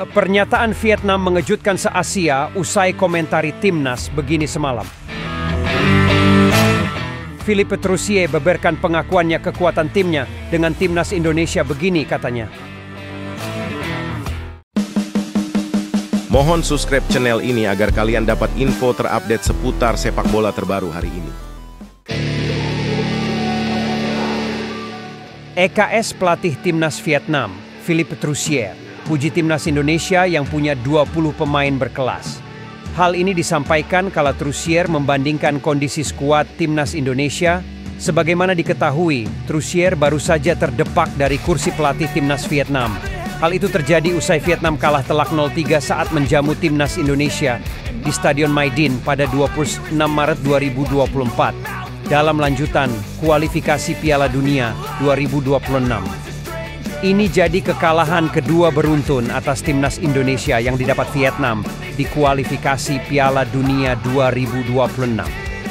Eh, pernyataan Vietnam mengejutkan se-Asia usai komentari timnas begini semalam. Philippe Trussier beberkan pengakuannya kekuatan timnya dengan timnas Indonesia begini katanya. Mohon subscribe channel ini agar kalian dapat info terupdate seputar sepak bola terbaru hari ini. EKS pelatih timnas Vietnam, Philippe Trussier, Puji timnas Indonesia yang punya 20 pemain berkelas. Hal ini disampaikan kala Trusier membandingkan kondisi skuad timnas Indonesia. Sebagaimana diketahui, Trusier baru saja terdepak dari kursi pelatih timnas Vietnam. Hal itu terjadi usai Vietnam kalah telak 0-3 saat menjamu timnas Indonesia di Stadion Maidin pada 26 Maret 2024 dalam lanjutan kualifikasi Piala Dunia 2026. Ini jadi kekalahan kedua beruntun atas timnas Indonesia yang didapat Vietnam di kualifikasi Piala Dunia 2026.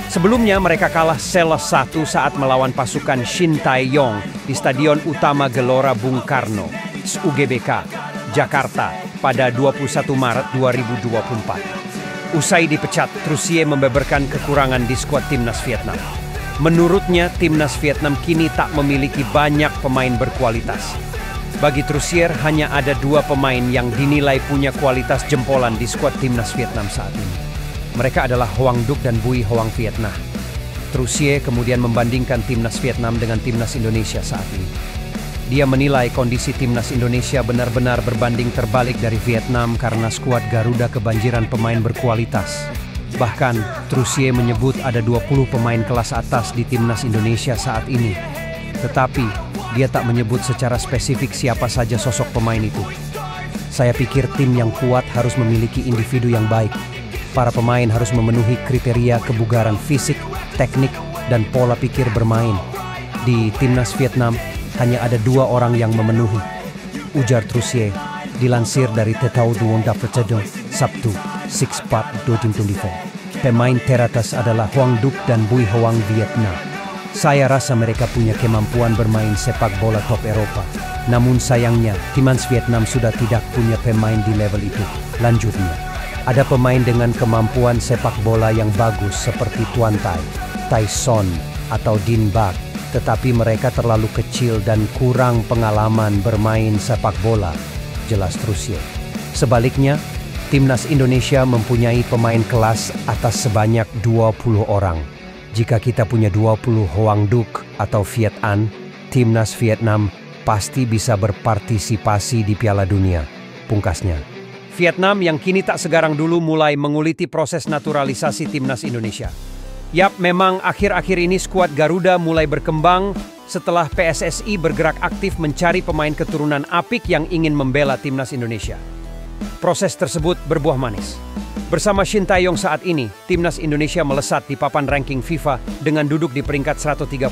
Sebelumnya mereka kalah seles satu saat melawan pasukan Shin Tae Yong di Stadion Utama Gelora Bung Karno, UGBK, Jakarta pada 21 Maret 2024. Usai dipecat, Trussier membeberkan kekurangan di skuad timnas Vietnam. Menurutnya, timnas Vietnam kini tak memiliki banyak pemain berkualitas. Bagi Trusier hanya ada dua pemain yang dinilai punya kualitas jempolan di skuad timnas Vietnam saat ini. Mereka adalah Hoang Duc dan Bui Hoang Vietnam. Trusier kemudian membandingkan timnas Vietnam dengan timnas Indonesia saat ini. Dia menilai kondisi timnas Indonesia benar-benar berbanding terbalik dari Vietnam karena skuad Garuda kebanjiran pemain berkualitas. Bahkan, Trusier menyebut ada 20 pemain kelas atas di timnas Indonesia saat ini. Tetapi, dia tak menyebut secara spesifik siapa saja sosok pemain itu. Saya pikir tim yang kuat harus memiliki individu yang baik. Para pemain harus memenuhi kriteria kebugaran fisik, teknik, dan pola pikir bermain. Di timnas Vietnam, hanya ada dua orang yang memenuhi. Ujar Trussier, dilansir dari Tetau Duong Dapetado, Sabtu, 6 Part 2024. Pemain teratas adalah Huang Duc dan Bui Hoang Vietnam. Saya rasa mereka punya kemampuan bermain sepak bola top Eropa. Namun sayangnya, Timnas Vietnam sudah tidak punya pemain di level itu. Lanjutnya, ada pemain dengan kemampuan sepak bola yang bagus seperti Tuan Tai, Tai Son, atau Din Bak. Tetapi mereka terlalu kecil dan kurang pengalaman bermain sepak bola. Jelas Rusia. Sebaliknya, Timnas Indonesia mempunyai pemain kelas atas sebanyak 20 orang. Jika kita punya 20 Hoang Duc atau Viet An, timnas Vietnam pasti bisa berpartisipasi di Piala Dunia. Pungkasnya. Vietnam yang kini tak segarang dulu mulai menguliti proses naturalisasi timnas Indonesia. Yap, memang akhir-akhir ini skuad Garuda mulai berkembang setelah PSSI bergerak aktif mencari pemain keturunan apik yang ingin membela timnas Indonesia. Proses tersebut berbuah manis. Bersama Shin Taeyong saat ini, timnas Indonesia melesat di papan ranking FIFA dengan duduk di peringkat 134.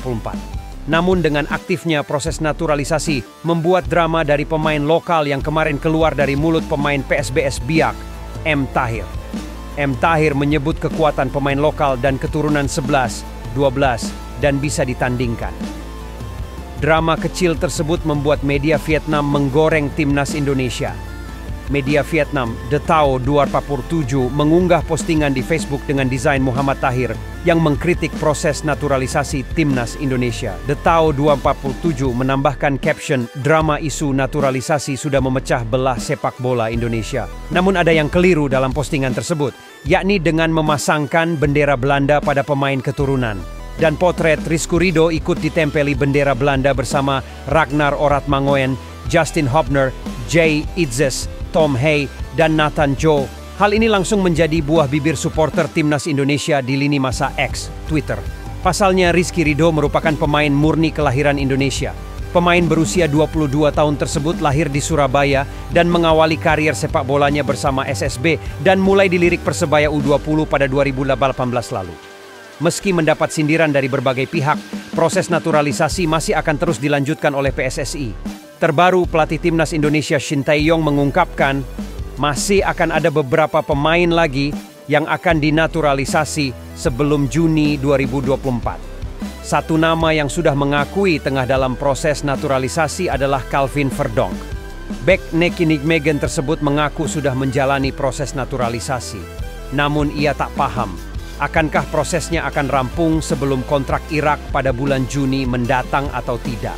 Namun dengan aktifnya proses naturalisasi membuat drama dari pemain lokal yang kemarin keluar dari mulut pemain PSBS Biak, M. Tahir. M. Tahir menyebut kekuatan pemain lokal dan keturunan 11, 12, dan bisa ditandingkan. Drama kecil tersebut membuat media Vietnam menggoreng timnas Indonesia media Vietnam The Tao 247 mengunggah postingan di Facebook dengan desain Muhammad Tahir yang mengkritik proses naturalisasi timnas Indonesia. The Tao 247 menambahkan caption drama isu naturalisasi sudah memecah belah sepak bola Indonesia. Namun ada yang keliru dalam postingan tersebut, yakni dengan memasangkan bendera Belanda pada pemain keturunan dan potret Rizku Rido ikut ditempeli bendera Belanda bersama Ragnar Oratmangoen, Justin Hobner, Jay Itzes, Tom Hay dan Nathan Joe. Hal ini langsung menjadi buah bibir supporter timnas Indonesia di lini masa X, Twitter. Pasalnya Rizky Rido merupakan pemain murni kelahiran Indonesia. Pemain berusia 22 tahun tersebut lahir di Surabaya dan mengawali karir sepak bolanya bersama SSB dan mulai dilirik Persebaya U20 pada 2018 lalu. Meski mendapat sindiran dari berbagai pihak, proses naturalisasi masih akan terus dilanjutkan oleh PSSI terbaru pelatih timnas Indonesia Shin Tae-yong mengungkapkan masih akan ada beberapa pemain lagi yang akan dinaturalisasi sebelum Juni 2024. Satu nama yang sudah mengakui tengah dalam proses naturalisasi adalah Calvin Verdonk. Bek Megan tersebut mengaku sudah menjalani proses naturalisasi. Namun ia tak paham, akankah prosesnya akan rampung sebelum kontrak Irak pada bulan Juni mendatang atau tidak.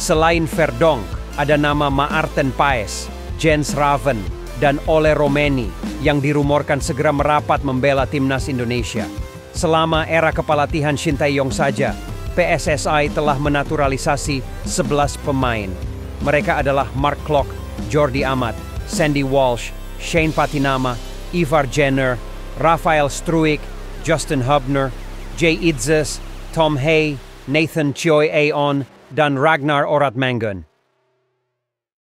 Selain Verdonk, ada nama Maarten Paes, Jens Raven, dan Ole Romeni yang dirumorkan segera merapat membela timnas Indonesia. Selama era kepelatihan Shin Tae Yong saja, PSSI telah menaturalisasi 11 pemain. Mereka adalah Mark Klok, Jordi Amat, Sandy Walsh, Shane Patinama, Ivar Jenner, Rafael Struik, Justin Hubner, Jay Idzes, Tom Hay, Nathan Choi Aon, than Ragnar orat at